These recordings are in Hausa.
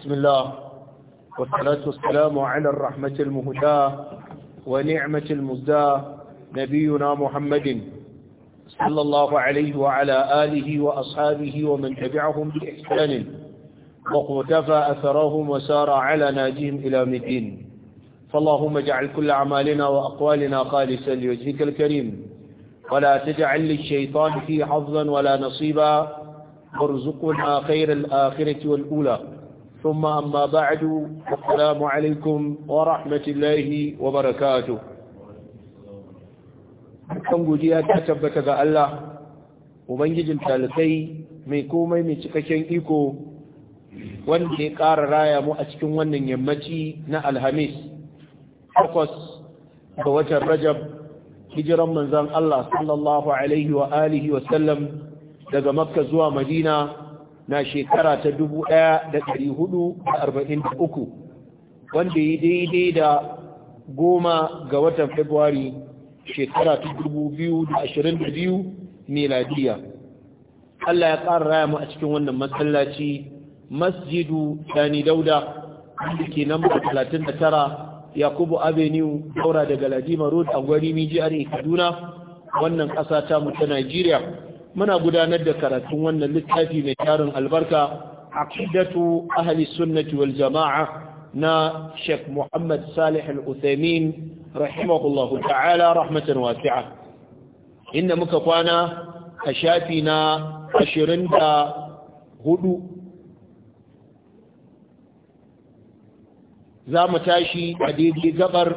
بسم الله والصلاة والسلام على الرحمة المهداة ونعمة المزداة نبينا محمد صلى الله عليه وعلى آله وأصحابه ومن تبعهم بإحسان وقتفى أثرهم وسار على ناجهم إلى مدين فاللهم اجعل كل أعمالنا وأقوالنا خالصا لوجهك الكريم ولا تجعل للشيطان في حظا ولا نصيبا وارزقنا خير الآخرة والأولى ثم أما بعد السلام عليكم ورحمة الله وبركاته kan godiya ta tabbata ga Allah ubangijin talibai mai komai mai cikakken iko wanda ya ƙara raya mu a cikin wannan yammaci na alhamis takwas ga watan rajab hijiran manzan Allah sallallahu alaihi wa alihi daga makka zuwa madina na shekara ta dubu da hudu arba'in uku wanda ya daidai da goma ga watan Fabrairu shekara ta 2022 miladiya Allah ya ƙara raya mu a cikin wannan masallaci masjidu dani Dauda wanda ke namba 39 Yakubu Avenue daura daga Ladima Road a gwari Mijiyar Kaduna wannan ƙasa ta mu ta Najeriya muna gudanar da karatun wannan littafi mai tarin albarka aqidatu ahli sunnati wal jama'a na Sheikh Muhammad Salih Al-Uthaymeen rahimahullahu ta'ala rahmatan wasi'a inda muka kwana a shafi na 24 za mu tashi a daidai gabar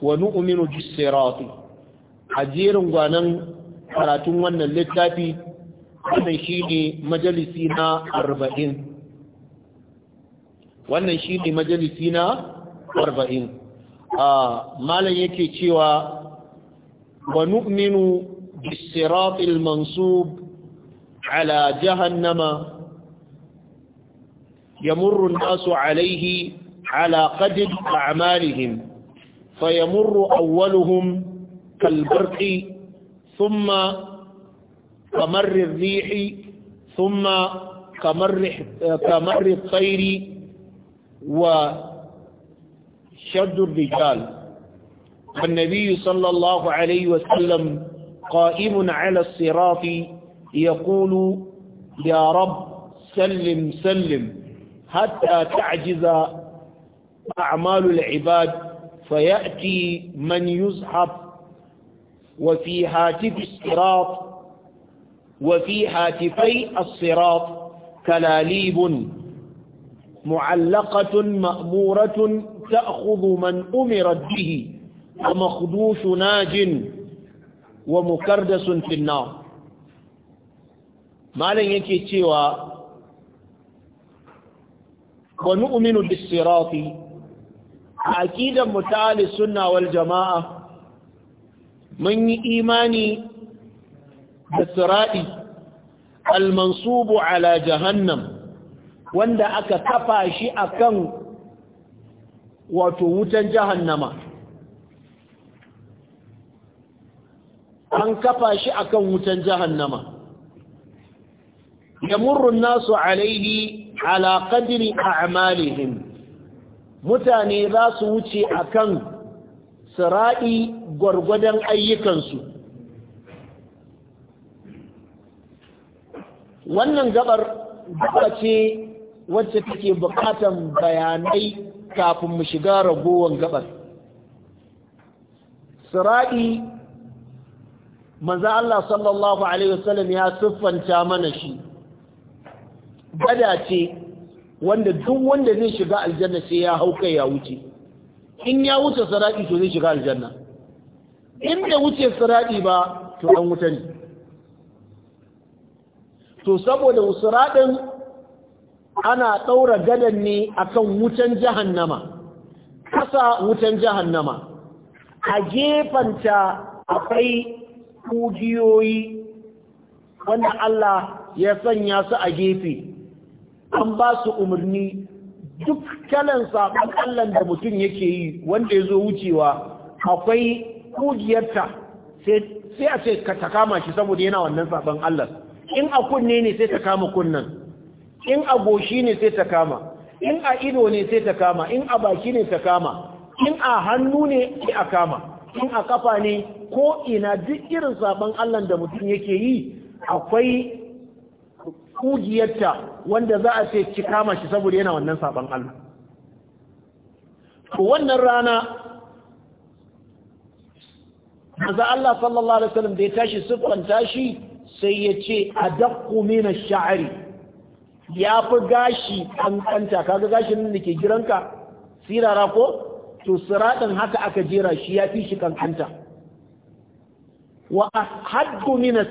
wa nu'minu bis-sirati a jerin gwanan karatun wannan littafi wannan shine majalisi na arba'in. wannan shine majalisi na arba'in. a malam yake cewa wa nu'minu bis-siratil mansub ala jahannama يمر الناس عليه على قدر أعمالهم فيمر أولهم كالبرق ثم كمر الريح ثم كمر, كمر الطير وشد الرجال والنبي صلى الله عليه وسلم قائم على الصراط يقول يا رب سلم سلم حتى تعجز أعمال العباد فيأتي من يزحف وفي هاتف الصراط وفي هاتفي الصراط كلاليب معلقة مأمورة تأخذ من أمرت به ومخدوش ناج ومكردس في النار ما لن يكي سوى ونؤمن بالصراط أكيد متعال السنة والجماعة mun yi imani da sira'i almansubu ala jahannam wanda aka kafa shi akan wato wutan jahannama an kafa shi akan wutan jahannama yamurru nasu alaihi ala qadri mutane za su wuce akan sira'i gwargwadon ayyukansu wannan gabar gaba ce wacce take bukatan bayanai kafin mu shiga ragowar gabar sira'i maza Allah sallallahu Alaihi wasallam ya siffanta mana shi gada ce wanda duk wanda zai shiga aljanna sai ya hauka ya wuce in ya wuce saraki to zai shiga aljanna in bai wuce saraki ba to an wuta ne to saboda usradin ana daura gadan ne akan wutan jahannama kasa wutan jahannama a gefanta akwai ƙugiyoyi wanda Allah ya sanya su a gefe an ba su umarni duk kalan saɓon Allah da mutum yake yi wanda ya zo wucewa akwai kugiyarta sai a ce ka ta kama shi saboda yana wannan saɓon Allah in a kunne ne sai ta kama kunnan. in a goshi ne sai ta kama in a ido ne sai ta kama in a baki ne ta kama in a hannu ne sai a kama in a kafa ne ko ina duk irin saɓon Allah da mutum yake yi akwai kugiyarta wanda za a ce ki kama shi saboda yana wannan sabon Allah to wannan rana manzo Allah sallallahu alaihi wasallam da ya tashi sifanta tashi sai ya ce a min ash-sha'ri ya fi gashi kankanta kaga gashin da ke giranka sirara ko to siraɗin haka aka jera shi ya fi shi ƙanƙanta. wa haddu min as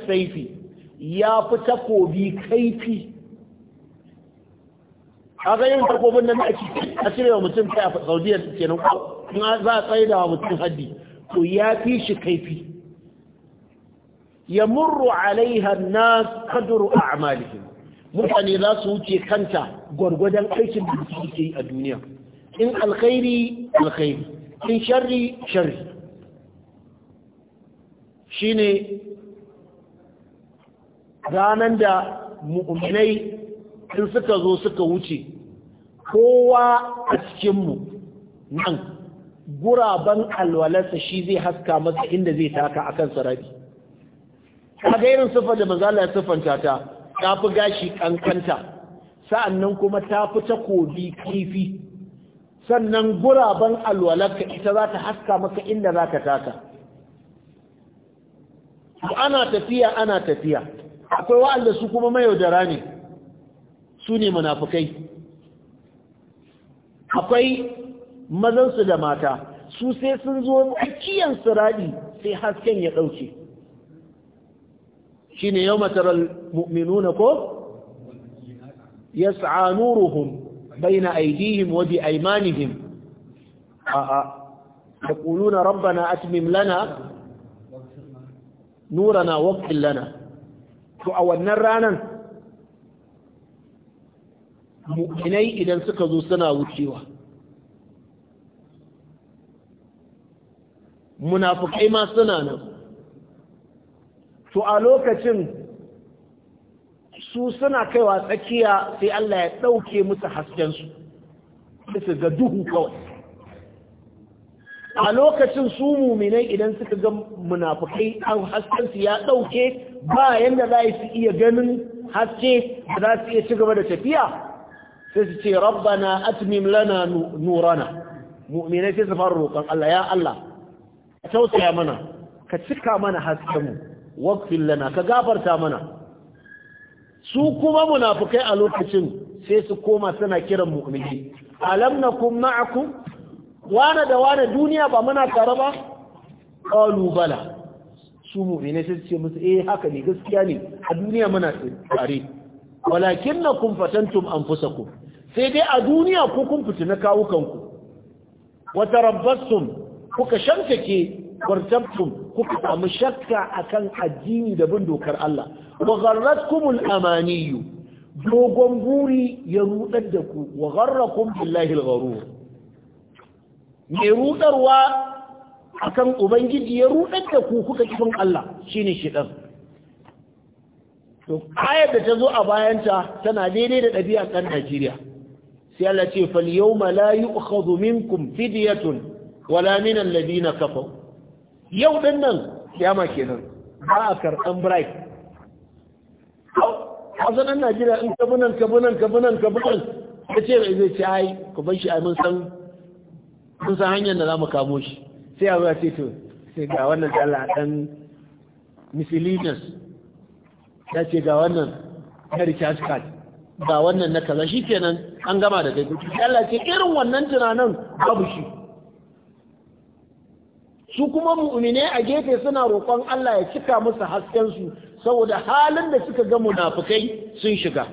ya fi takobi kaifi kaga yin takobin da ake a cire wa mutum kai a saudiya kenan ko in za a tsaye da mutum haddi to ya fi shi kaifi ya murru alaiha na kaduru a mutane za su wuce kanta gwargwadon aikin da suke yi a duniya in alkhairi alkhairi in sharri sharri shine ranar da mu'minai in suka zo suka wuce kowa a cikinmu nan guraben alwalarsa shi zai haska masa inda zai taka a kan sarari kaga irin siffar da mazala ya siffanta ta ta fi gashi kankanta sa'annan kuma ta fi takobi kifi sannan guraben alwalarka ita za ta haska maka inda za ka taka ana tafiya ana tafiya akwai wa'anda su kuma mayaudara ne su ne munafukai akwai mazansu da mata su sai sun zo tsakiyar siradi sai hasken ya ɗauke shi ne yau matarar na ko? Ya yas'a bai na aidihim a a aimanihim a'a rabba na atmim lana na waghfir lana to a wannan ranan mu'minai idan suka zo suna wucewa munafukai ma suna nan to a lokacin su suna kaiwa tsakiya sai Allah ya ɗauke musu hasken su bisa ga duhu kawai a lokacin su muminai idan suka ga munafukai an haskansu ya ɗauke ba yadda za su iya ganin haske da za su iya ci gaba da tafiya sai su ce rabbana atmim lana nurana muminai sai su fara roƙon Allah ya Allah ka tausaya mana ka cika mana haskenmu waqfil lana ka gafarta mana su kuma munafukai a lokacin sai su koma suna kiran mu'mini alam nakum ma'akum wane da wane duniya ba muna tare ba qalu bala su mu'mine sai ce musu eh haka ne gaskiya ne a duniya muna tare walakinnakum fatantum anfusakum sai dai a duniya ku kun fitina kawukanku wata Rabbastun kuka shankake wartabtum kuka samu shakka akan addini da bin dokar Allah wa gharratkumul amaniyu dogon buri ya rudar da ku wa gharrakum billahi al-gharur mai rudarwa akan ubangiji ya rudar da ku kuka kifin Allah shi shine shidan to ayar da ta zo a bayanta tana daidai da ɗabi'a ƙan Najeriya sai Allah ce fal yawma la yu'khadhu minkum fidyatun wala labi na yau ɗin nan kiyama kenan ba a karɓan a zanen Najeriya in kabunan kabunan kabunan kabunan kace zai ci ai ku ban shi mun san sun san hanyar da za mu kamo shi sai a wuya ce sai ga wannan Allah dan miscellaneous ya ce ga wannan na recharge card ga wannan na kaza shi kenan an gama da kai Allah ce irin wannan tunanin babu shi su kuma mu'mine a gefe suna roƙon Allah ya cika musu hasken su saboda halin da suka ga munafukai sun shiga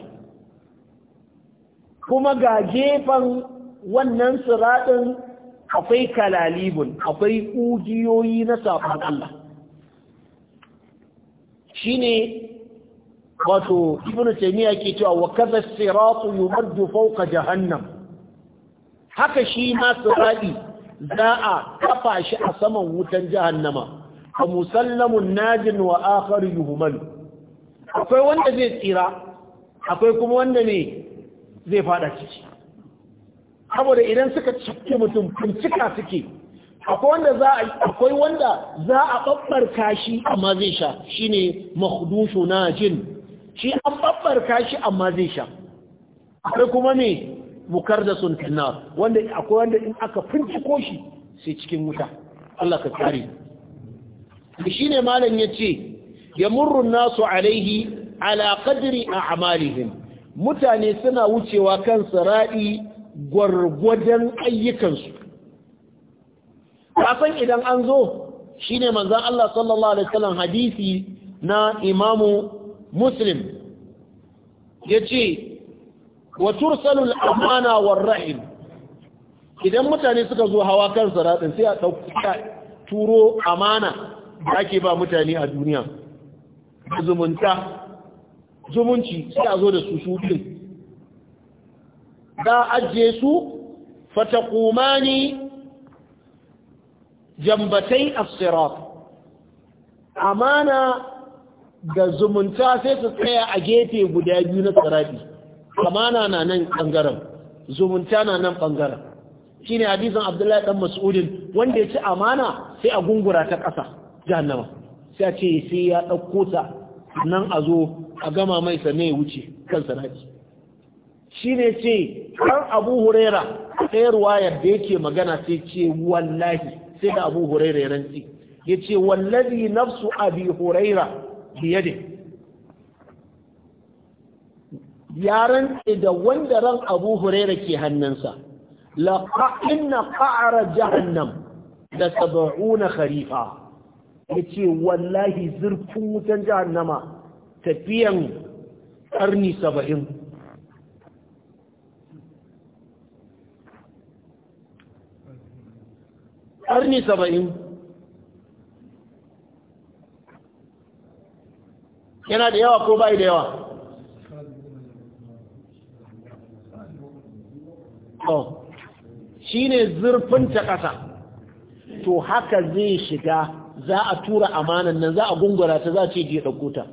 kuma ga gefen wannan siraɗin akwai kalalibun akwai ƙugiyoyi na safon Allah shi ne wato ibn taymiya ke cewa wa kaza siratu yumaddu fawqa jahannam haka shi ma sirati za a kafa shi a saman wutan jahannama fa musallamun najin wa akhar yuhmal akwai wanda zai tsira akwai kuma wanda ne zai fada ciki saboda idan suka cike mutum cika suke akwai wanda za a akwai wanda za a babbarka shi amma zai sha shine mahdushu jin. shi an babbar kashi amma zai sha akwai kuma ne mukardasun finnar wanda akwai wanda in aka finci koshi sai cikin wuta Allah ka kare ne malam ya ya murrun nasu alaihi ala a Amalihin. mutane suna wucewa kan sara'i gwargwadon ayyukansu kasan idan an zo shi ne manzan Allah sallallahu alaihi wasallam hadisi na imamu muslim yace wa tursalu al-amana war-rahim idan mutane suka zo hawa kan siratin sai a dauka turo amana da ake ba mutane a duniya zumunta zumunci sai a zo da su su da ajiye su fatakumani jambatai as-sirat amana da zumunta sai su tsaya a gefe guda biyu na sirati amana na nan bangaren zumunta na nan bangaren shine hadisin Abdullahi dan Mas'udin wanda ya ci amana sai a gungura ta ƙasa jahannama sai a ce sai ya ɗauko ta nan a zo a gama mai sa ne ya wuce kan sirati shine ce har abu huraira ɗaya ruwayar da yake magana sai ce wallahi sai da abu huraira ya rantsi ya ce wallazi nafsu abi huraira biyade ya rantsi da wanda ran abu huraira ke hannunsa la inna qa'ara jahannam da sab'una kharifa yace wallahi zurfin wutan jahannama tafiyan karni saba'in ƙarni saba'in yana da yawa ko bai da yawa shi zurfin ta kasa to haka zai shiga za a tura amanan nan za a gungura ta za a ce je ɗauko ta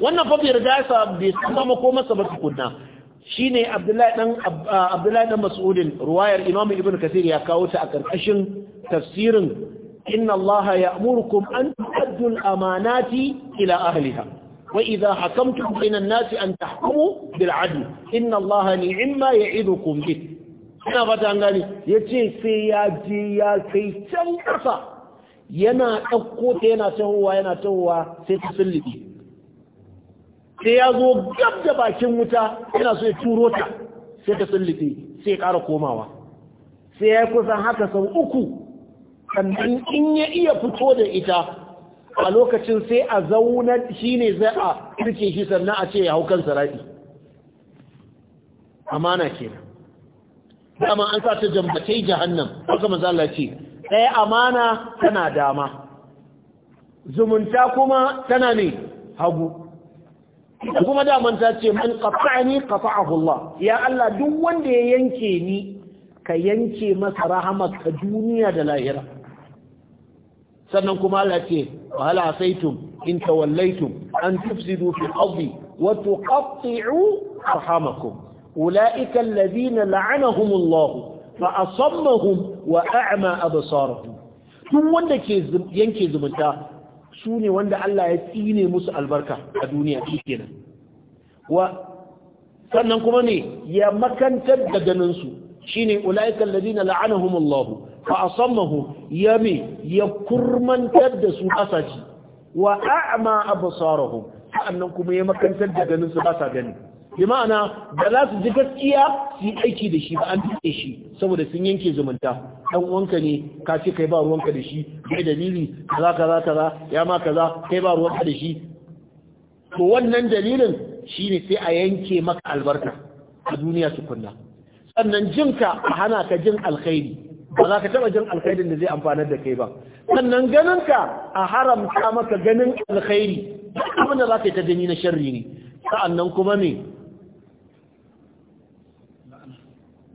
wannan fa bai riga sa bai sama ko masa ba tukunna shine Abdullahi dan Abdullahi dan Mas'udin ruwayar Imam ibnu kasir ya kawo ta a karkashin tafsirin inna ya ya'murukum an tu'addu amanati ila ahliha wa idha hakamtum bayna an-nasi an tahkumu bil 'adl inna Allah ni'ma ya'idukum bih ina fata an Ya yace sai ya je ya kai can ƙasa yana ɗauko ta yana tahowa yana tahowa sai ta sulluɓe sai ya zo gab da bakin wuta yana so ya turo ta sai ta sulluɓe sai ya ƙara komawa sai ya kusa haka sau uku sannan in ya iya fito da ita a lokacin sai a zauna shi ne zai a kirke shi sannan a ce ya hau kansa raɗi amana kenan dama an sa ta jambatai jahannam haka mazala ce ɗaya amana tana dama zumunta kuma tana ne hagu kuma daman ta ce man ƙafa a ya Allah duk wanda ya yanke ni ka yanke masa Rahama ka duniya da lahira sannan kuma Allah ce wa hal asaitum in tawallaitum an tufsidu fil ardi wa tuqatti'u arhamakum ulaika alladhina la'anahum Allah fa asammahum wa a'ma absarahum Tun wanda ke yanke zumunta su ne wanda Allah ya tsine musu albarka a duniya kenan wa sannan kuma ne ya makantar da ganinsu shine ulaiikal ladina la'anahum Allah fa asammahu yami ya kurmantar da su asaci wa a'ma absarahum sa'annan kuma ya makantar da ganin su ba sa gani bi ma'ana da za su ji gaskiya su yi aiki da shi ba an tuke shi saboda sun yanke zumunta dan uwanka ne ka ce kai ba ruwanka da shi kai dalili kaza kaza kaza ya ma kaza kai ba ruwanka da shi to wannan dalilin shine sai a yanke maka albarka a duniya tukunna sannan jinka a hana ka jin alkhairi ba za ka taba jin alkhairin da zai amfanar da kai ba sannan ganinka a haramta maka ganin alkhairi abin da za ka yi ta gani na sharri ne sa'annan kuma me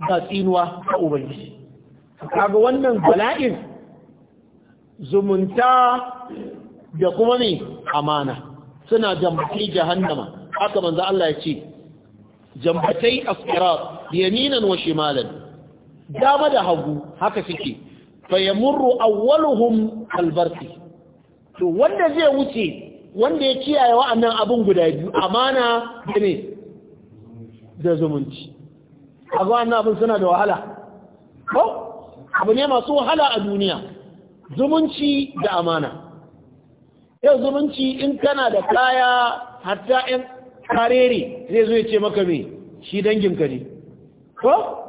da tsinuwa ta ubangiji kaga wannan bala'in zumunta da kuma ne amana suna jambatai jahannama haka manzo Allah ya ce jambatai asirat yaminan wa shimalan dama da hagu haka suke fa yamurru awwaluhum albarki to wanda zai wuce wanda ya kiyaye wa'annan abun guda biyu amana da ne da zumunci abu wannan abin suna da wahala ko abu ne masu wahala a duniya zumunci da amana yau zumunci in kana da kaya hatta 'yan karere zai zo ya ce maka me shi danginka ne ko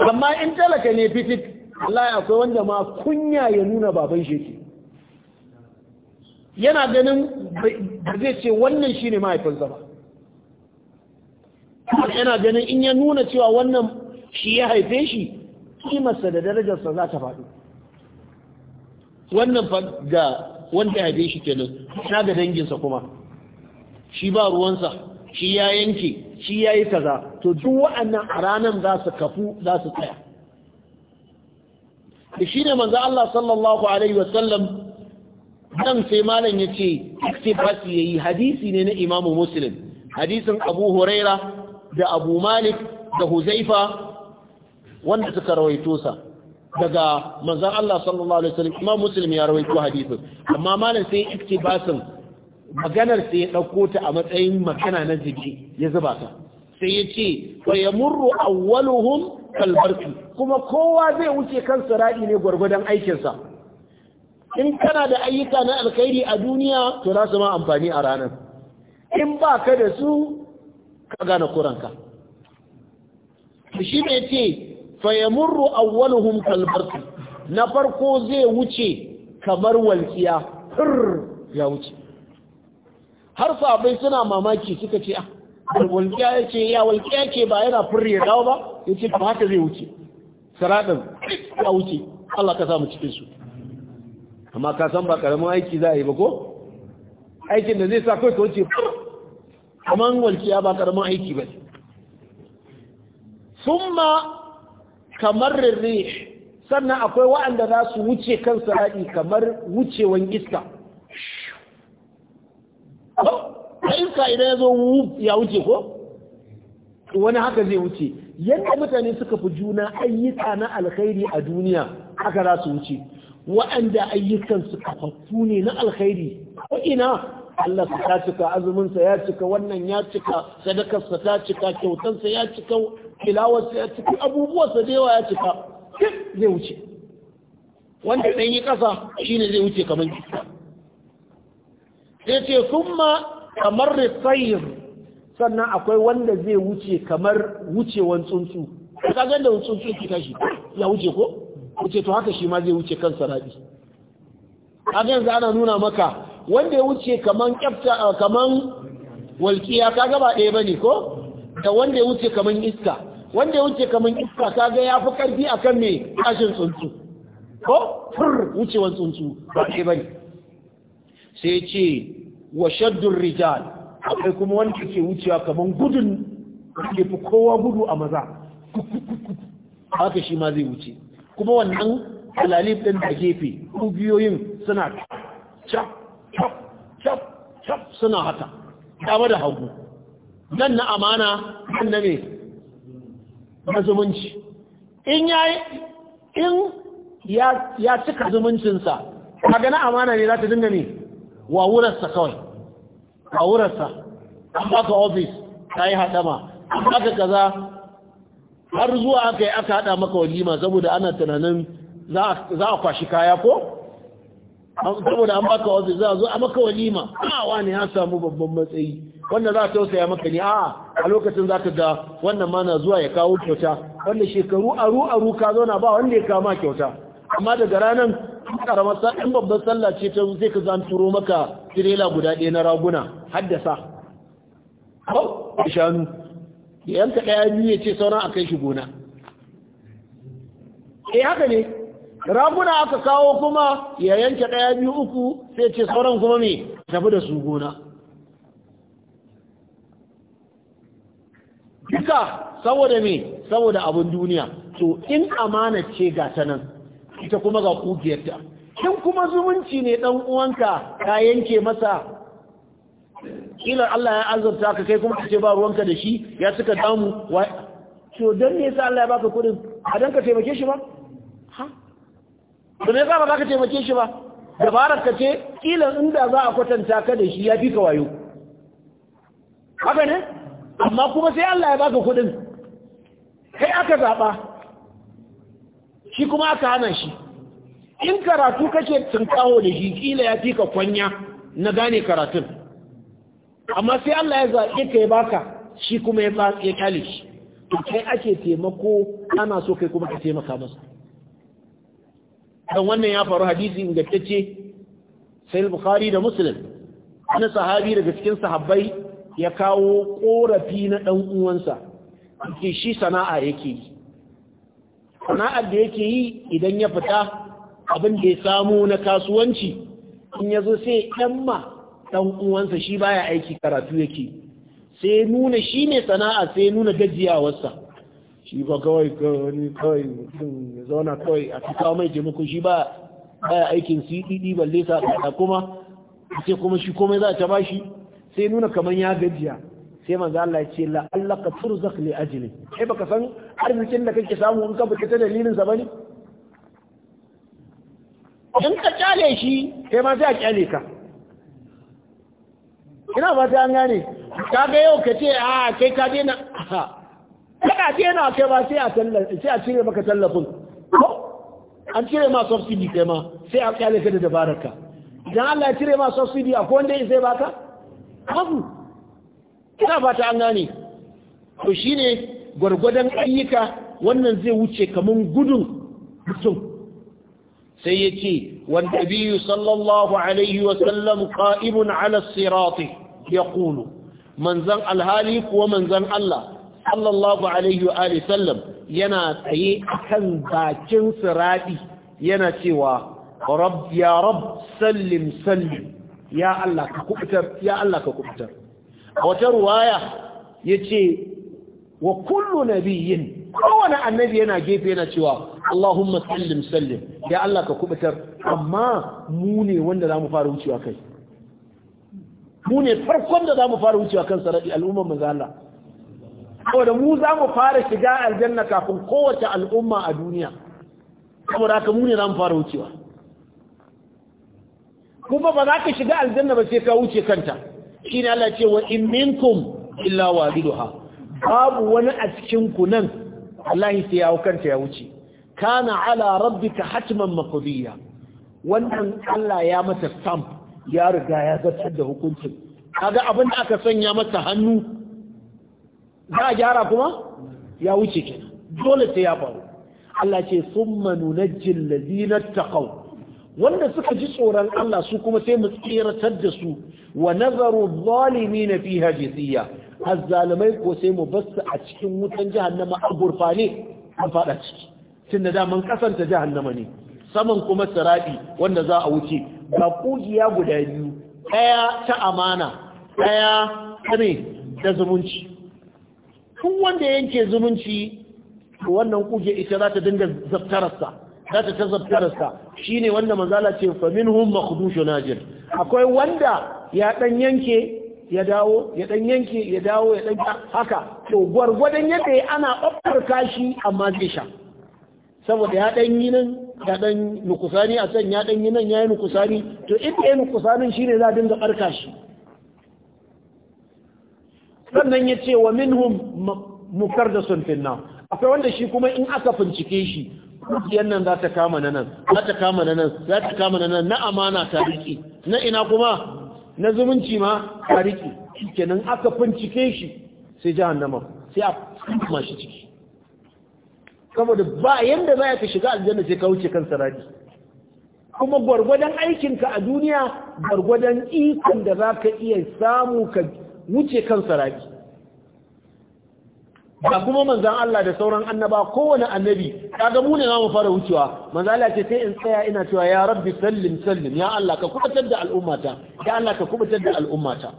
amma in talaka ne fitit, Allah akwai wanda ma kunya ya nuna baban shi ke yana ganin ba zai ce wannan shine mahaifinsa ba yana ganin in ya nuna cewa wannan shi ya haife shi kimarsa da darajarsa za ta faɗi wannan ga wanda ya haife shi kenan na ga danginsa kuma shi ba ruwansa shi ya yanke shi ya yi kaza to duk wa'annan a ranar za su kafu za su tsaya da shi ne manzo Allah sallallahu alaihi wasallam nan sai malam ya ce iktibasi ya yi hadisi ne na imamu muslim hadisin abu huraira da abu malik da huzaifa wanda suka rawaito sa daga manzan Allah sallallahu alaihi wasallam imam muslim ya rawaito hadisin amma malam sai iktibasin maganar sai ya ɗauko ta a matsayin makana na jiki ya zuba ta sai ya ce fa ya murru awwaluhum kalbarki kuma kowa zai wuce kansa raɗi ne gwargwadon aikinsa in kana da ayyuka na alkhairi a duniya to za su ma amfani a ranar in ba ka da su ka gane kuranka shi ne ce fa ya murru awwaluhum kalbarki na farko zai wuce kamar walƙiya fir ya wuce har abai suna mamaki suka ce ah walƙiya ya ce ya walƙiya ce ba yana ya dawo ba ya ce ba haka zai wuce saraɗin ya wuce Allah ka samu cikin su amma ka san ba ƙaramin aiki za a yi ba ko aikin da zai sa kai ka wuce amma walƙiya ba ƙaramin aiki ba summa kamar rirri sannan akwai waɗanda za su wuce kan saraɗi kamar wucewan iska Oh, a iska idan ya zo ya wuce ko wani haka zai wuce yadda mutane suka fi juna ayyuka na alkhairi a duniya haka za su wuce wa'anda ayyukansu kafafu ne na alkhairi ko ina Allah su ta cika azuminsa ya cika wannan ya cika sadakarsa ta cika kyautansa ya cika kilawarsa ya cika abubuwarsa da yawa ya cika zai wuce wanda ɗan yi ƙasa shine zai wuce kamar sai ce ma kamar risayin sannan akwai wanda zai wuce kamar wucewan tsuntsu ka ganda da tsuntsu ki tashi ya wuce ko wuce to haka shi ma zai wuce kan sarabi kaga yanzu ana nuna maka wanda ya wuce kamar kyafta kaman walkiya kaga ba ɗaya bane ko da wanda ya wuce kamar iska wanda ya wuce kamar iska kaga ya fi karfi akan me kashin tsuntsu ko fur wucewan tsuntsu ba ɗaya bane sai ce wa shaddun rijal akwai kuma wanda ke wucewa kamar gudun ke fi kowa gudu a maza haka shi ma zai wuce kuma wannan alalif ɗin da gefe ƙugiyoyin suna cap cap cap cap suna haka dama da hagu nan na amana nan na mai na zumunci in ya in ya cika zumuncinsa kaga na amana ne za ta dinga ne wawurarsa kawai wawurarsa an baka ofis ta yi haɗama an baka kaza har zuwa aka yi aka haɗa maka walima saboda ana tunanin za a kwashi kaya ko? saboda an baka ofis za a zo a maka walima awa ne ya samu babban matsayi wanda za a tausaya maka ne a a lokacin za ka ga wannan ma na zuwa ya kawo kyauta wanda shekaru aru aru ka zauna ba wanda ya kama kyauta amma daga ranar karamar in babban sallah ce ta zai ka zan turo maka tirela guda ɗaya na raguna haddasa ko shanu da yanka ɗaya biyu ya ce sauran a kai shi gona E haka ne raguna aka kawo kuma ya yanka ɗaya biyu uku sai ce sauran kuma ne tafi da su gona duka saboda me saboda abin duniya to in amana ce ga ta nan ita kuma ga kugiyarta kin kuma zumunci ne dan uwanka ka yanke masa kila Allah ya azurta ka kai kuma kace ba ruwanka da shi ya suka damu to dan ne sai Allah ya baka kudin a dan ka taimake shi ba ha to ne ba ka taimake shi ba dabarar ka ce kila inda za a kwatanta ka da shi ya fi ka wayo haka ne amma kuma sai Allah ya baka kudin kai aka zaba shi kuma aka hana shi in karatu kake tunkaho da shi kila ya fi ka kwanya na gane karatun amma sai Allah ya zaɓe ka ya baka shi kuma ya kyale shi to kai ake taimako ana so kai kuma ka taimaka masa dan wannan ya faru hadisi ingantacce sai bukhari da muslim wani sahabi daga cikin sahabbai ya kawo ƙorafi na ɗan uwansa shi sana'a yake yi sana'ar da yake yi idan ya fita abin da ya samu na kasuwanci in ya zo sai ma ɗan uwansa shi baya aiki karatu yake sai nuna shi ne sana'a sai nuna gajiyawarsa shi ba kawai kawai kawai mutum ya zauna kawai a kawo mai taimako shi ba baya aikin cdd e balle sa kuma sai kuma shi komai za ta shi. sai nuna kamar ya gajiya sai manzo Allah ya ce la'allaka turzaq li ajli sai baka san arzikin da kake samu in ka buƙi ta dalilin sa bane in ka kyale shi kai ma sai a kyale ka ina ba ta gane ka ga yau ka ce a kai ka ka kada na kai ba sai a tallafi sai a cire maka tallafin an cire ma subsidy kai ma sai a kyale ka da dabararka idan Allah ya cire ma subsidy akwai wanda zai baka babu ina ba ta gane to shine gwargwadon ayyuka wannan zai wuce kaman gudun mutum sai ya ce wanda biyu sallallahu alaihi wasallam ƙa'ibun ala sirati ya ƙulu manzan alhali kuwa manzan Allah sallallahu alaihi wa sallam yana tsaye kan bakin sirati yana cewa ya يا رب سلم ya Allah ka ككبتر يا الله ككبتر ya ce. wa kullu nabiyyin kowane annabi yana gefe yana cewa Allahumma sallim sallim ya Allah ka kubutar amma mu ne wanda zamu fara wucewa kai mu ne farkon da zamu fara wucewa kan saradi al'umman manzo Allah saboda mu zamu fara shiga aljanna kafin kowace al'umma a duniya saboda haka mu ne zamu fara wucewa kuma ba za ka shiga aljanna ba sai ka wuce kanta shine Allah ce wa in minkum illa waliduha babu wani a cikin ku nan wallahi sai ya hukanta ya wuce kana ala rabbika hatman maqdiya wannan Allah ya mata stamp ya riga ya zartar da hukuncin kaga abin da aka sanya mata hannu za a gyara kuma ya wuce kenan dole sai ya faru Allah ce summa nunajjil ladina taqaw wanda suka ji tsoron Allah su kuma sai mu tsiratar da su wa nazaru zalimin fiha jisiya azzalumai ko sai mu basu a cikin wutan jahannama a gurfane an fada ciki tunda daman kasanta jahannama ne saman kuma sirabi wanda za a wuce ga kugiya guda biyu daya ta amana daya ta da zumunci kun wanda yanke zumunci wannan kugiya ita za ta dinga zaftararsa za ta ta zaftararsa shine wanda manzala ce fa minhum makhdushun najir akwai wanda ya dan yanke ya dawo ya dan yanke ya dawo ya dan haka to gwargwadon yadda ana ɓaɓɓar kashi amma zai saboda ya dan yi nan ya dan nukusani a can ya dan yi nan ya yi nukusani to inda ya nukusanin ne za a dinga ɓar kashi. sannan ya ce wa minhum mukar da sun finna akwai wanda shi kuma in aka fincike shi kujiyar nan za ta kama na nan za ta kama na nan za ta kama na nan na amana ta riƙe na ina kuma na zumunci ma a riƙe kenan aka bincike shi sai jahannama sai a kuma shi ciki saboda ba yadda za ka shiga aljanna sai ka wuce kan sarari kuma gwargwadon aikinka a duniya gwargwadon ikon da za ka iya samu ka wuce kan sarari ba kuma manzan Allah da sauran annaba kowane annabi kaga mu ne mu fara wucewa manzan Allah ce sai in tsaya ina cewa ya rabbi sallim sallim ya Allah ka kubutar da al'ummata ya Allah ka kubutar da al'ummata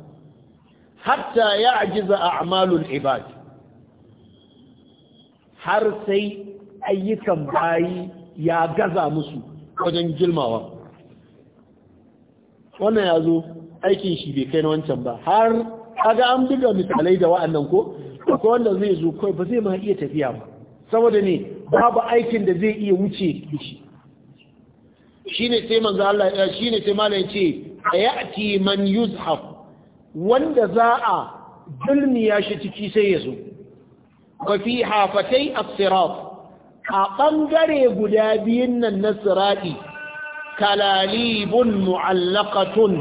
hatta ya ya'jiza a'malul ibad har sai ayyukan bayi ya gaza musu wajen jilmawa wannan yazo aikin shi bai kai na wancan ba har kaga an buga misalai da wa'annan ko akwai wanda zai zo kai ba zai ma iya tafiya ba saboda ne babu aikin da zai iya wuce shi shine sai manzo Allah ya shine sai malai ya ce ayati man yuzhaf wanda za a dulmiya shi ciki sai ya zo Ka fi hafatai as-sirat a bangare guda biyun nan na sirati kalalibun mu'allaqatun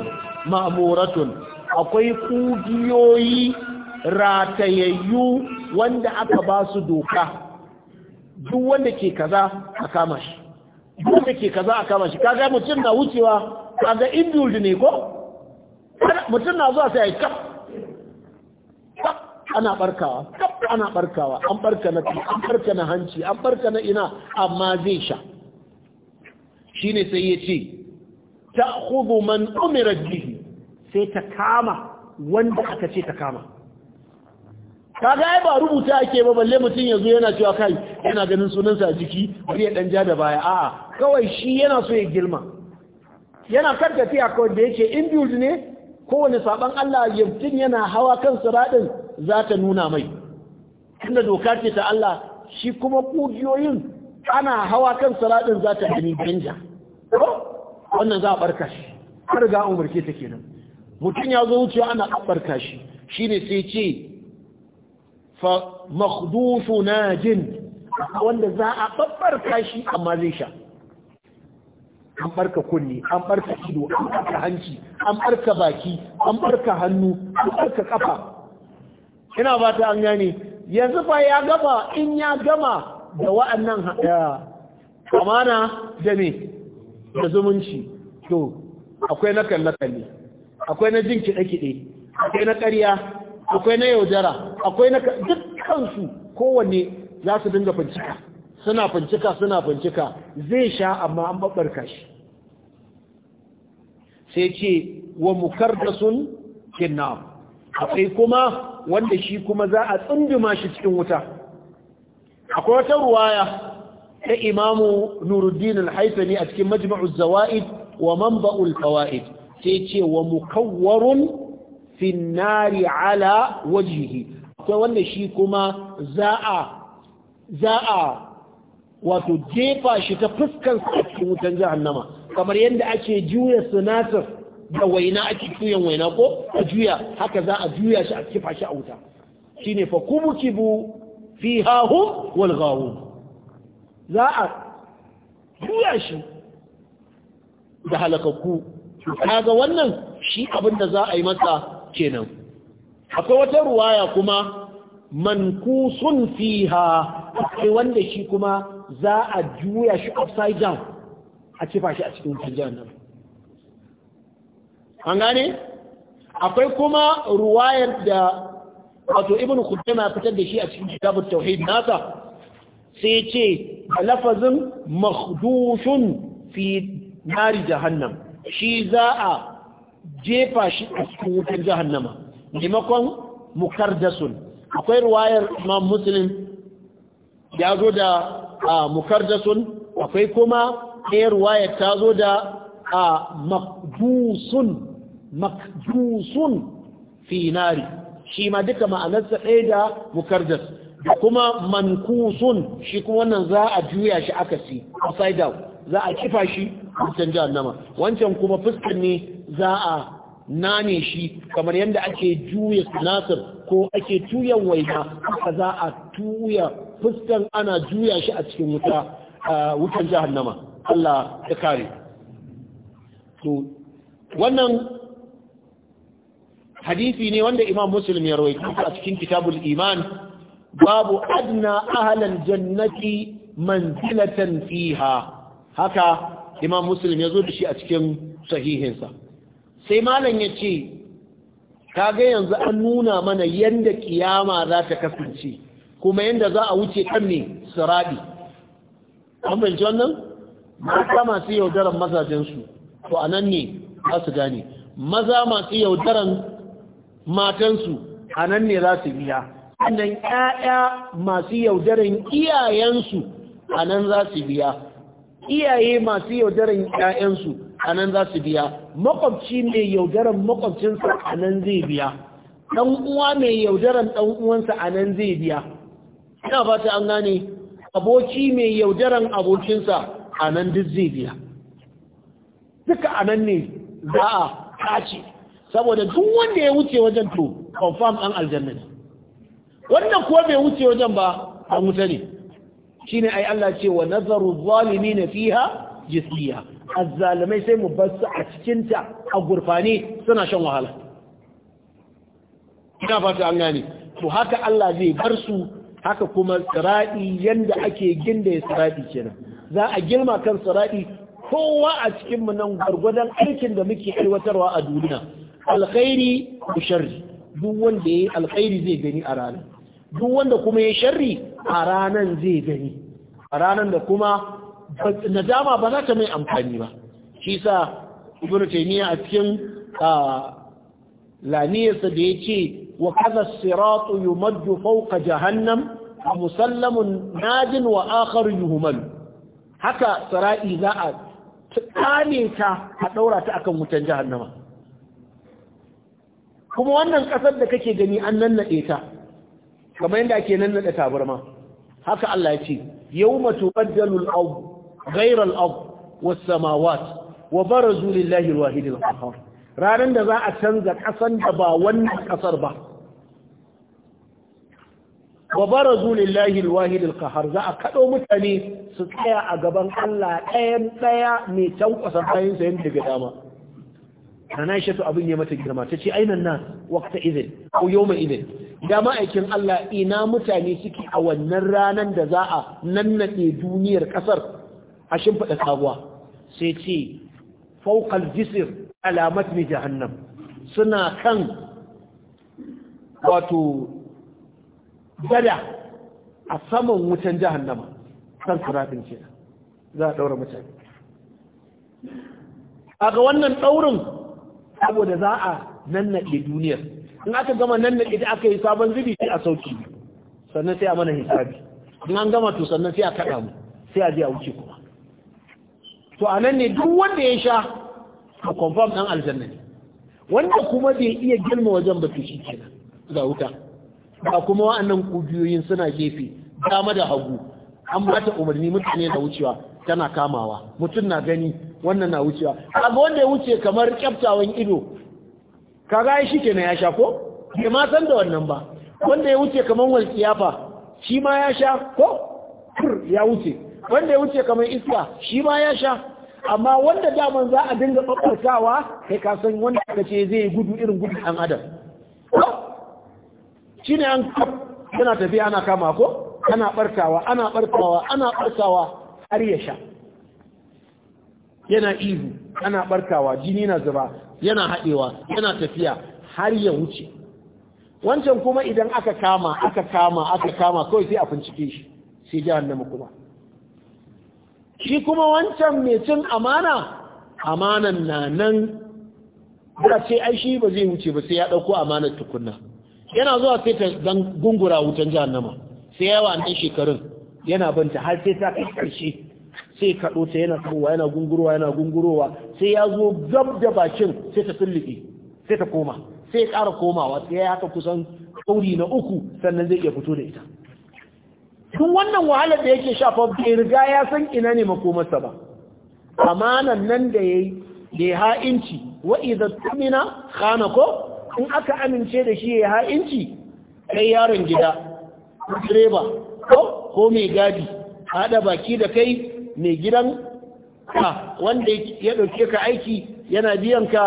ma'muratun akwai kugiyoyi ratayayyu wanda aka ba su doka duk wanda ke kaza a kama shi duk wanda ke kaza a kama shi kaga mutum na wucewa kaga inbuild ne ko mutum na zuwa sai kaf kaf ana barkawa kaf ana barkawa an barka na an barka na hanci an barka na ina amma zai sha shine sai ya ce khudu man umira bihi sai ta kama wanda aka ce ta kama kaga ai ba rubuta ake ba balle mutum yazo yana cewa kai yana ganin sunansa a jiki wani ya dan ja da baya a'a kawai shi yana so ya girma yana kan tafiya kawai da yake in ne kowane saban Allah ya mutum yana hawa kan siradin za ta nuna mai tunda doka ce ta Allah shi kuma kujiyoyin ana hawa kan siradin za ta gani canja wannan za a barka shi har ga umarke ta kenan mutum ya zo wucewa ana barka shi shine sai ce fa jin wanda za a babbarka shi amma zai sha an barka kunne an barka ido an barka hanci an barka baki an barka hannu an barka kafa ina ba ta an gane yanzu fa ya gama in ya gama da wa'annan amana da me da zumunci to akwai na kalle-kalle akwai na jin kiɗe-kiɗe akwai na ƙarya akwai na yaudara akwai na dukkansu kowanne za su dinga bincika suna bincika suna bincika zai sha amma an babbarka shi sai ce wa mukardasun kinnam akwai kuma wanda shi kuma za a tsunduma shi cikin wuta akwai wata ruwaya ta imamu nuruddin al-haifani a cikin majma'uz zawaid wa manba'ul fawaid sai ce wa mukawwarun fi nari ala wajihi akwai wanda shi kuma za a za a wato jefa shi ta fuskan a cikin wutan jahannama kamar yadda ake juya sinatar da waina ake juyan waina ko a juya haka za a juya shi a kifa shi a wuta shine fa kubukibu fi hahu wal ghawun za a juya shi da halakakku kaga wannan shi abin da za a yi masa kenan akwai wata ruwaya kuma mankusun fiha akwai wanda shi kuma za a juya shi upside down a cifa shi a cikin wutar nan. an gane akwai kuma ruwayar da wato ibn khudaima fitar da shi a cikin kitabut tauhid nasa sai ce lafazin makhdushun fi nari jahannam shi za a jefa shi a cikin wutar jahannama maimakon mukardasun akwai ruwayar imam muslim ya zo da mukardasun akwai kuma ɗaya ruwayar ta zo da makdusun makdusun finari shi ma duka ma'anarsa ɗaya da mukardas da kuma mankusun shi kuma wannan za a juya shi aka si. down za a kifa shi wancan jahannama wancan kuma fuskar ne za a nane shi kamar yadda ake juya sinasir ko ake tuyan waina haka za a tuya fuskan ana juya shi a cikin wuta wutan jahannama Allah ya kare to wannan hadisi ne wanda Imam Muslim ya rawaito a cikin Kitabul Iman babu adna ahlan jannati manzilatan fiha haka Imam Muslim ya zo da shi a cikin sahihinsa sai malam ya ce ga yanzu an nuna mana yadda kiyama za ta kasance kuma yadda za a wuce kan ne sirabi an fahimci wannan mata masu yaudaran mazajensu to a nan ne za su gane maza masu yaudaran matansu a nan ne za su biya sannan 'ya'ya masu yaudaran iyayensu a nan za su biya iyaye masu yaudaran 'ya'yansu a nan za su biya makwabci mai yaudaran makwabcinsa a nan zai biya ɗan uwa mai yaudaran ɗan uwansa a nan zai biya ina ba ta an gane aboki mai yaudaran abokinsa a nan duk zai biya duka a nan ne za a kace saboda duk wanda ya wuce wajen to confirm an aljanna ne wanda kuwa bai wuce wajen ba an wuta ne shine ai Allah ce wa nazaru zalimin fiha jisiya azzalumai sai mu bar su a cikinta a gurfani suna shan wahala ina fata an gane to haka Allah zai bar su haka kuma siradi yanda ake ginda ya kenan za a girma kan siradi kowa a cikin mu nan gwargwadon aikin da muke aiwatarwa a duniya alkhairi ku sharri duk wanda yayi alkhairi zai gani a ranar duk wanda kuma ya sharri a ranar zai gani a ranan da kuma nadama ba za ta mai amfani ba shi sa ibnu taymiya a cikin laniyarsa da ce, wa kaza siratu yumaddu fawqa jahannam musallamun najin wa akhar yuhmal haka sira'i za a tsane ta a daura ta akan wutan jahannama kuma wannan kasar da kake gani an nannaɗe ta kamar yadda ake nannaɗe tabarma haka Allah ya ce yawma tubaddalu al-ardh ghayra al-ard was samawat wa barazu lillahi al-wahid al ranan da za a canza kasan da ba wannan kasar ba wa barazu lillahi al-wahid za a kado mutane su tsaya a gaban Allah ɗayan ɗaya mai tankwasa bayan sa yanda ga dama rana shi to abin ya mata girma tace ainan nan waqta idin ko yawma idin da ma'aikin Allah ina mutane suke a wannan ranan da za a nannade duniyar kasar a shimfiɗa sabuwa sai ce fauƙal jisir alamat ne jahannam suna kan wato gada a saman wutan jahannama kan surafin ce za a ɗaura mutane a ga wannan ɗaurin saboda za a nannaɗe duniyar in aka gama nannaɗe ta aka yi sabon zubi sai a sauki sannan sai a mana hisabi in an gama to sannan sai a kaɗa mu sai a je a wuce kuma to a nan ne duk wanda ya sha a confirm ɗan aljanna ne wanda kuma bai iya girma wajen ba to shi kenan ga wuta ba kuma wa'annan ƙugiyoyin suna gefe dama da hagu an bata umarni mutane na wucewa tana kamawa mutum na gani wannan na wucewa kaga wanda ya wuce kamar kyaftawan ido kaga shi na ya sha ko bai ma san da wannan ba wanda ya wuce kamar walƙiyafa shi ma ya sha ko ya wuce wanda ya wuce kamar iska shi ma ya sha amma wanda daman za a dinga ɓaɓɓartawa sai ka san wanda ka ce zai gudu irin gudu ɗan adam shi ne an yana tafiya ana kama ko ana ɓartawa ana ɓartawa ana ɓartawa har ya sha yana ihu ana ɓartawa jini na zuba yana haɗewa yana tafiya har ya wuce wancan kuma idan aka kama aka kama aka kama kawai sai a bincike shi sai jihar na kuma shi kuma wancan mai cin amana amanan na nan da ce ai ba zai wuce ba sai ya ɗauko amanar tukunna yana zuwa sai ta dan gungura wutan jahannama sai yawa nan shekarun yana banta har sai ta kai ƙarshe sai kaɗo ta yana kowa yana gungurowa yana gungurowa sai ya zo gab da bakin sai ta sulluɓe sai ta koma sai ya kara komawa sai ya haka kusan ɗauri na uku sannan zai iya fito da ita tun wannan wahalar da yake shafa bai riga ya san ina ne makomarsa ba amanan nan da yayi da ya ha'inci wa idza tumina khana ko in aka amince da shi ya ha'inci kai yaron gida direba ko ko mai gadi hada baki da kai mai gidan ka wanda ya dauke ka aiki yana biyan ka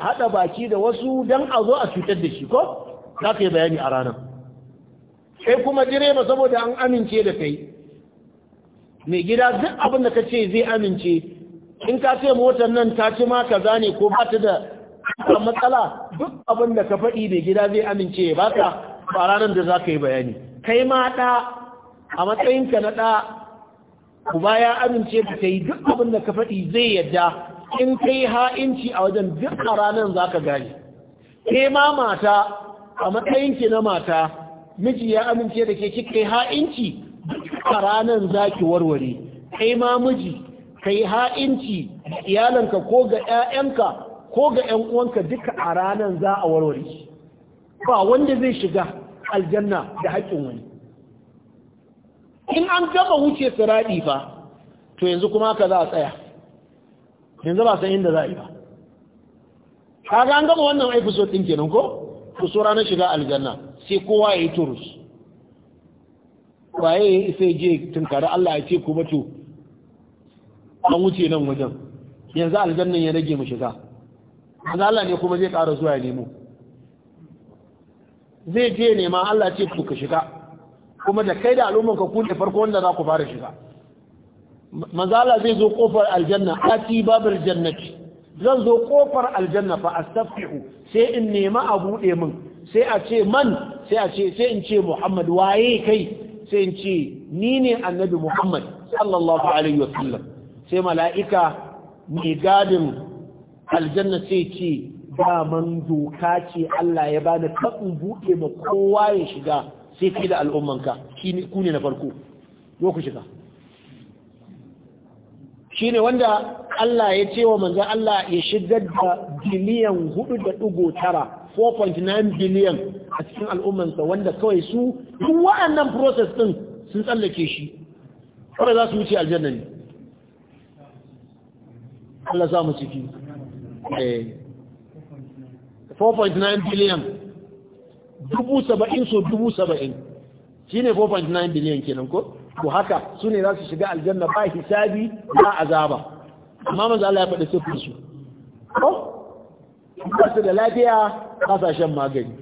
hada baki da wasu dan a zo a cutar da shi ko za ka yi bayani a ranar kai kuma direba saboda an amince da kai mai gida duk abin da ka ce zai amince in ka ce motar nan ta ci ma kaza ne ko ba ta da matsala duk abin da ka faɗi mai gida zai amince ya baka ba ranar da za ka yi bayani kai ma ɗa a matsayinka na ɗa ba ya amince da kai duk abin da ka faɗi zai yadda in kai ha'inci a wajen duk a ranar za ka gane kai ma mata a matsayinki na mata miji ya amince da ke kika ha'inci a ranar zaki warware kai ma miji kai ha'inci iyalanka ko ga 'ya'yanka ko ga 'yan uwanka duka a ranar za a warware ba wanda zai shiga aljanna da haƙƙin wani in an gaba wuce siraɗi ba to yanzu kuma ka za a tsaya yanzu ba san inda za a yi ba kaga an gama wannan so ɗin kenan ko ku so ranar shiga aljanna sai kowa ya yi turus waye sai je tunkari Allah ya ce ku to an wuce nan wajen yanzu aljannan ya rage mu shiga manzo Allah ne kuma zai ƙara zuwa ya nemo zai je nema Allah ce ku ka shiga kuma da kai da al'umman ka kuɗe farko wanda za ku fara shiga Mazala zai zo kofar aljanna ti babar jannati zan zo kofar aljanna fa astafihu sai in nema a buɗe min sai a ce man sai a ce sai in ce muhammad waye kai sai in ce ni ne annabi muhammad sallallahu alaihi wasallam sai mala'ika mai gadin aljanna sai ce daman doka ce Allah ya bani kaɗin buɗe ba kowa ya shiga sai kai da al'ummanka ku ne na farko zo ku shiga shi wanda Allah ya ce wa manzan Allah ya shigar da biliyan hudu da ɗigo tara 4.9 billion a cikin al'ummansa wanda kawai su duk wa'annan process din sun tsallake shi wadda za su wuce aljanna ne Allah za mu ciki 4.9 eh. billion dubu saba'in so dubu saba'in shi ne 4.9 billion kenan ko? ko haka su ne za su shiga aljanna ba hisabi ba azaba amma maza Allah ya faɗi sifinsu. su ko ba su da lafiya kasashen magani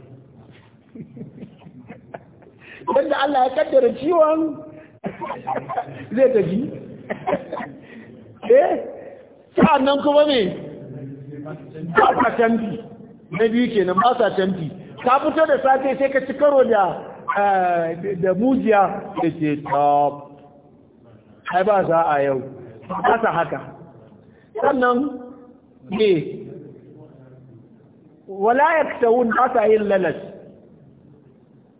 wanda Allah ya kaddara ciwon zai tafi eh sa'an nan kuma ne ba sa na biyu kenan ba sa canfi ka fito da safe sai ka ci karo da eh, da mujiya da ke top ai ba za a yau ba sa haka sannan ne wala yaktawun ba sa yin lalas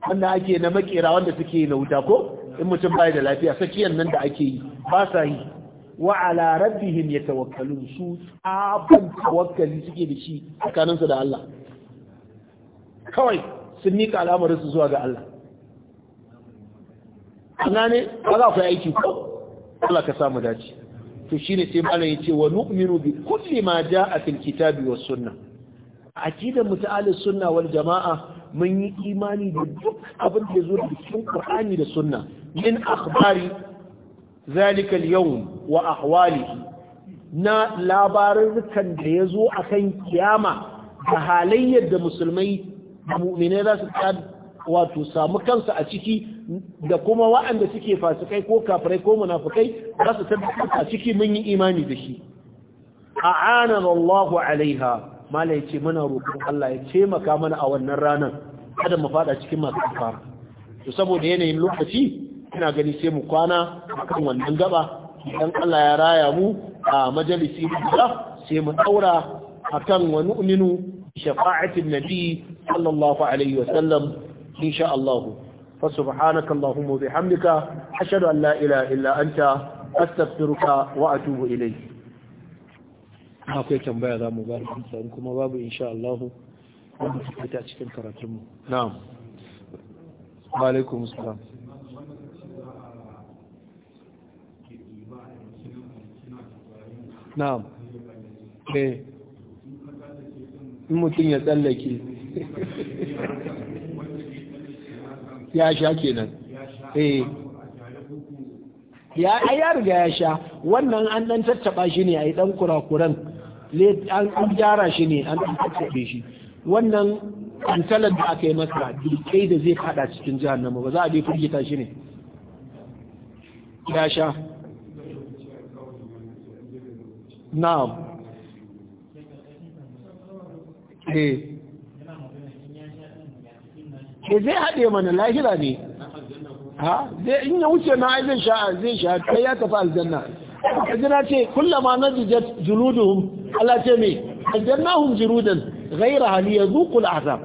wanda ake na makera wanda suke yi na wuta ko in mutum bai da lafiya sakiyan nan da ake yi ba sa yi wa ala rabbihim yatawakkalun su tsaban tawakkali suke da shi tsakaninsu da Allah kawai sun mika al'amarin su zuwa ga Allah ana gane ba za ku yi aiki ko Allah ka samu dace to shine sai malam yace wa nu'minu bi kulli ma jaa fil kitabi was sunnah A mu ta sunna wal jama'a mun yi imani da duk abin da zo da cikin qur'ani da sunna min akhbari zalika al-yawm wa ahwalihi na labarukan da ya zo akan kiyama da halayyar da musulmai da mu'minai za su wato samu kansa a ciki da kuma waɗanda suke fasikai ko kafirai ko munafikai za su tabbata a ciki mun yi imani da shi anan, Allahu alaiha mala ya ce muna roƙon Allah ya taimaka mana a wannan ranar kada mu fada cikin masu kafara to saboda yanayin lokaci ina gani sai mu kwana akan wannan gaba idan Allah ya raya mu a majalisi guda sai mu daura akan wa nu'minu shafa'atin nabi sallallahu alaihi wa sallam insha Allah fa subhanaka allahumma bihamdika ashhadu an la ilaha illa anta astaghfiruka wa atubu ilayk akwai tambaya za mu ba da amsa kuma babu insha Allah wanda su fita cikin karatunmu na'am wa alaikum salam na'am eh in mutum ya tsallake ya sha kenan eh ya ya riga ya sha wannan an dan tattaba shi ne a yi dan kurakuran an gyara shi ne an tattaɓe shi wannan kansalar da aka yi masa dukai da zai fada cikin jahannama ba za a bai firgita shi ne ya sha Na. eh ke eh, zai haɗe mana lahira ne ha zai in ya wuce na zai sha zai sha kai ya tafi aljanna ka jina ce kullama na juluduhum Allah ce me aljannahum jirudan gaira hali yazuqul azab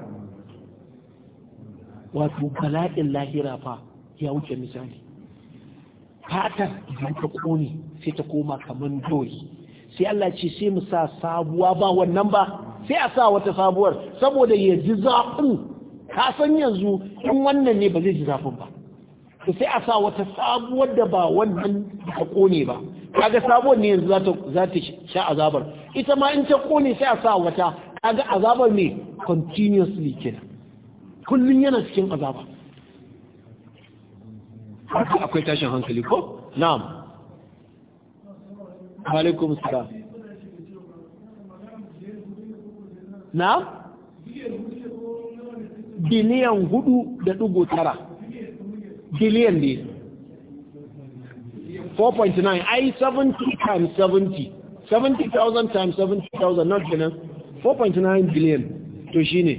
wato bala'in lahira fa ya wuce misali fatar idan ta kone sai ta koma kamar doyi sai Allah ce sai mu sa sabuwa ba wannan ba sai a sa wata sabuwar saboda ya ji zafin ka san yanzu in wannan ne ba zai ji zafin ba sai a sa wata sabuwar da ba wannan ta ƙone ba kaga sabuwar ne yanzu za ta sha azabar ita ma in ta kone sai a sa wata kaga azabar ne continuously kenan kullum yana cikin azaba haka akwai tashin hankali ko na'am alaikum salam Na? biliyan hudu da dubu tara biliyan ne 4.9 ai 70 times 70 70,000 times 70,000 not kenan 4.9 billion to shi ne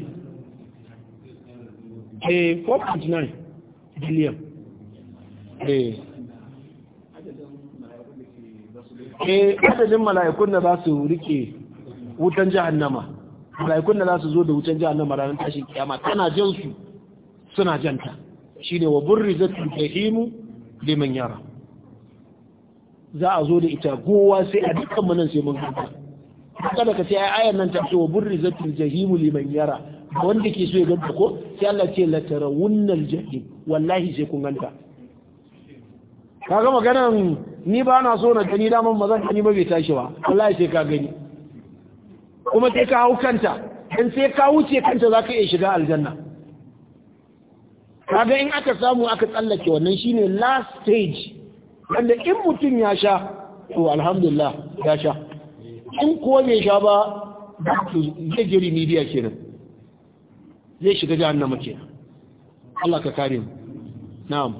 eh 4.9 billion eh eh adadin mala'ikun da za su rike wutan jahannama mala'ikun da za su zo da wutan jahannama ranar tashin kiyama tana jinsu suna janta shine wa burri burrizatul jahimu liman yara za a zo da ita kowa sai a dukkan manan sai mun hanta kada ka ce ai ayan nan ta ce wa burri zatul jahimu liman yara wanda ke so ya ga ko sai Allah ce la tarawunnal jahim wallahi sai kun ganta kaga maganan ni ba na so na gani daman mazan zan gani ba bai tashi ba wallahi sai ka gani kuma sai ka hau kanta dan sai ka wuce kanta za ka iya shiga aljanna kaga in aka samu aka tsallake wannan shine last stage wanda in mutum ya sha to alhamdulillah ya sha in ko bai sha ba zai je ke kenan zai shiga jahannama kenan Allah ka kare mu na'am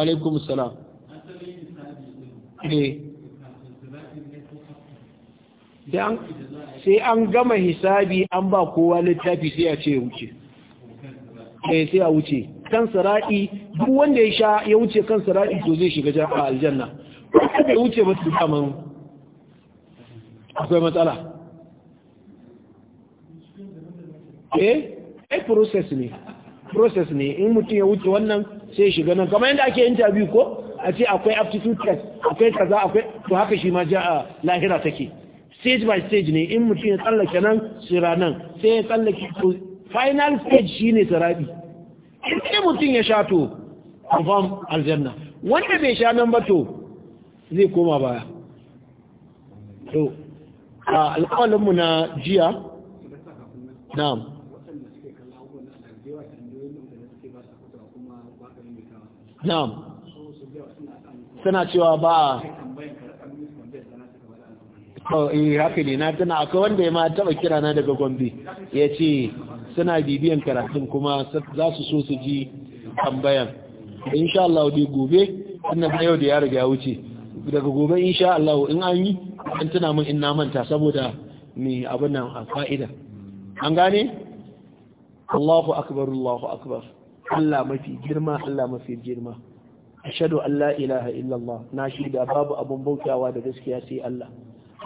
alaikum salam eh dan sai an gama hisabi an ba kowa littafi sai a ce wuce eh, sai a wuce kan sara'i duk wanda ya sha ya wuce kan sara'i to zai shiga aljanna ya wuce ba su kaman akwai matsala eh eh process ne process ne in mutum ya wuce wannan sai ya shiga nan kamar yadda ake interview ko a ce akwai aptitude test akwai kaza akwai to haka shi ma ja'a lahira take stage by stage ne in mutum ya tsallake nan sira nan sai ya tsallake final stage shine sirabi in ce mutum ya sha to confirm aljanna wanda bai sha nan ba to zai koma baya to a alƙalinmu na jiya na na'am suna cewa ba a oh, eh, haka ne na tana akwai wanda ya ma taba kira na daga gombe ya ce suna bibiyan karatun kuma za su so su ji tambayan insha Allah dai gobe da yau da ya riga wuce daga gobe insha Allah in an yi an tuna min in manta saboda ni abin nan a fa'ida an gane Allahu akbar Allahu akbar Allah mafi girma Allah mafi girma ashhadu an la ilaha illallah na shiga babu abun bautawa da gaskiya sai Allah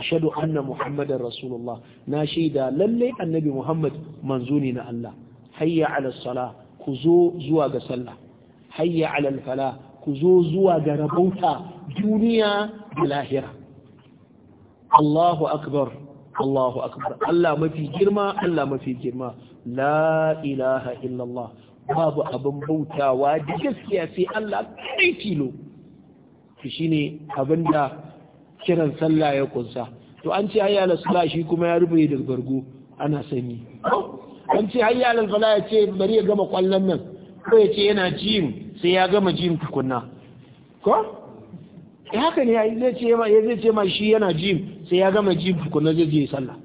ashhadu anna muhammadar rasulullah na shaida lallai annabi muhammad manzo ne na Allah hayya ala sala ku zo zuwa ga sallah hayya ala fala ku zo zuwa ga rabauta duniya da lahira Allahu akbar Allahu akbar Allah mafi girma Allah mafi girma la ilaha illallah babu abin bautawa da gaskiya sai Allah kai kilo shi ne abinda kiran sallah ya kunsa to an ce hayya ala sala shi kuma ya rubuye da bargo ana sanyi an ce hayya ala sala ya ce bari ya gama kwallon nan ko ya ce yana jim sai ya gama jim tukunna ko eh haka ne yayi zai ce ma zai ce ma shi yana jim sai ya gama jim tukunna zai je sallah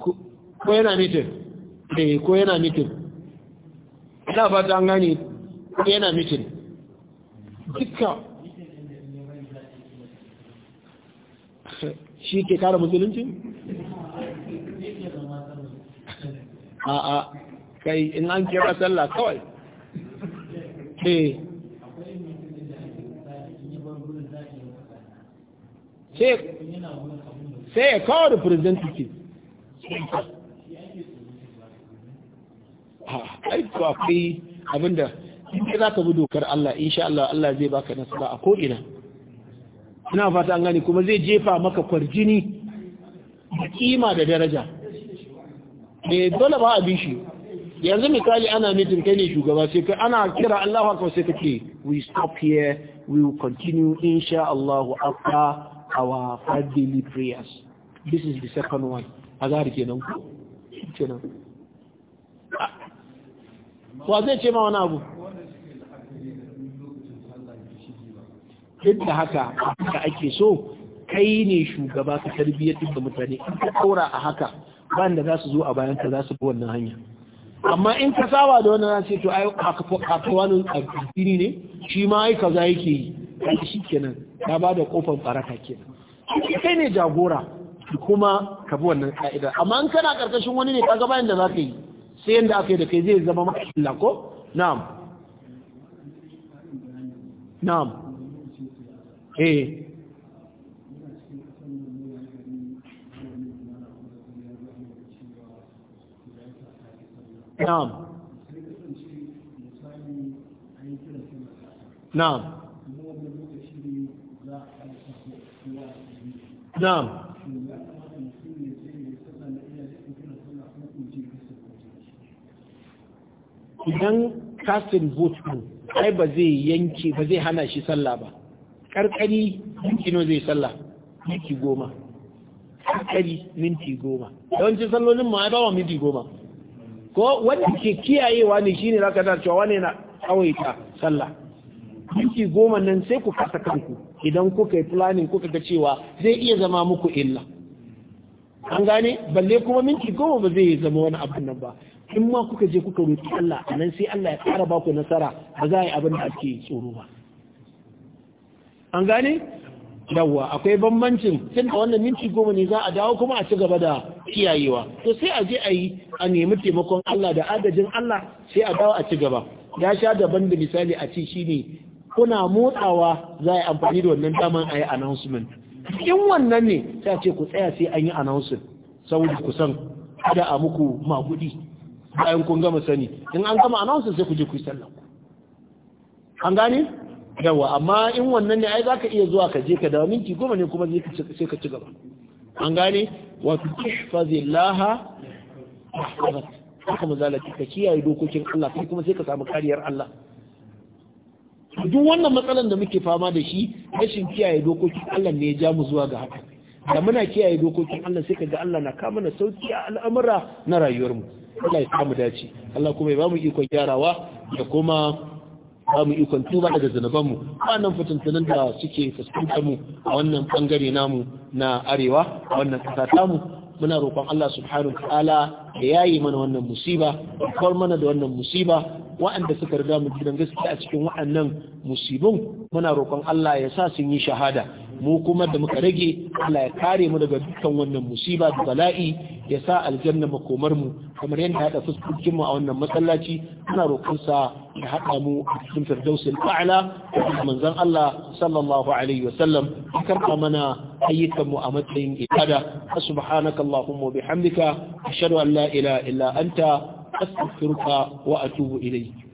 ko yana mitin eh ko yana mitin ina fata an gane ko yana mitin dukkan shi ke kare musulunci? a'a kai in an kira sallah kawai ke sai ya kawo representative aiko akwai abinda in za ka bi dokar Allah insha Allah Allah zai baka nasara a ko'ina ina fata an gani kuma zai jefa maka kwarjini a kima da daraja me eh, dole ba abin shi yanzu misali ana mitin kai ne shugaba sai kai ana kira Allahu akbar sai kake we stop here we will continue insha Allah after our five daily prayers this is the second one azhar kenan kenan wa zai ce ma wani abu duk da haka da ake so kai ne shugaba ka tarbiyyar da mutane in ka ɗaura a haka ba da za su zo a bayan ka za su bi wannan hanya amma in ka saba da wannan ce to ai haka wani addini ne shi ma ai kaza yake yi kai shi kenan ya ba da kofar baraka kenan kai ne jagora kuma ka bi wannan ka'ida amma in kana karkashin wani ne kaga bayan da za ka yi sai yanda aka yi da kai zai zama maka illa ko na'am na'am eh na'am na'am na'am idan kasin boot ai ba zai yanke ba zai hana shi sallah ba karkari minti nawa zai sallah minti goma karkari minti goma yawancin sallolin ma ya bawa minti goma ko wanda ke kiyayewa ne shine zaka ta cewa wane na tsawaita sallah minti goma nan sai ku kasa kanku idan kuka yi planning kuka ga cewa zai iya zama muku illa an gane balle kuma minti goma ba zai zama wani abin nan ba in ma kuka je kuka roki Allah anan sai Allah ya fara baku nasara ba za a yi abin da ake tsoro ba an gane yawwa akwai bambancin tun da wannan minti goma ne za a dawo kuma a ci gaba da kiyayewa to sai a je a yi a nemi taimakon Allah da agajin Allah sai a dawo a ci gaba ya sha daban da misali a ci shine kuna motsawa za a yi amfani da wannan daman a yi announcement in wannan ne sai a ce ku tsaya sai an yi announcement saboda ku san kada a muku magudi bayan kun gama sani in an gama announcement sai ku je ku yi sallah an gane yawa amma in wannan ne ai za ka iya zuwa ka je ka dawo minti goma ne kuma sai ka ci gaba an gane wato ihfazillaha ahfazat haka mazalati ka kiyaye dokokin Allah sai kuma sai ka samu kariyar Allah duk wannan matsalan da muke fama da shi rashin kiyaye dokokin Allah ne ya ja mu zuwa ga haka da muna kiyaye dokokin Allah sai ka ga Allah na kama na sauki a al'amura na rayuwarmu Allah ya samu dace Allah kuma ya ba mu ikon gyarawa da kuma ba mu ikon tuba daga zanabanmu wannan fitintunan da suke fuskantar mu a wannan bangare namu na arewa a wannan kasa tamu muna roƙon Allah subhanahu wa ta'ala da yi mana wannan musiba kawar mana da wannan musiba waɗanda suka riga mu gidan gaskiya a cikin waɗannan musibin muna roƙon Allah ya sa sun yi shahada mu kuma da muka rage Allah ya kare mu daga dukkan wannan musiba da bala'i ya sa aljanna makomar mu kamar yadda haɗa fuskokin mu a wannan masallaci muna roƙon sa ya haɗa mu a cikin firdausil a'la da manzon Allah sallallahu alaihi wa sallam karba mana ayyukan mu a matsayin ibada subhanakallahumma bihamdika ashhadu an la la ilaha illa anta astaghfiruka wa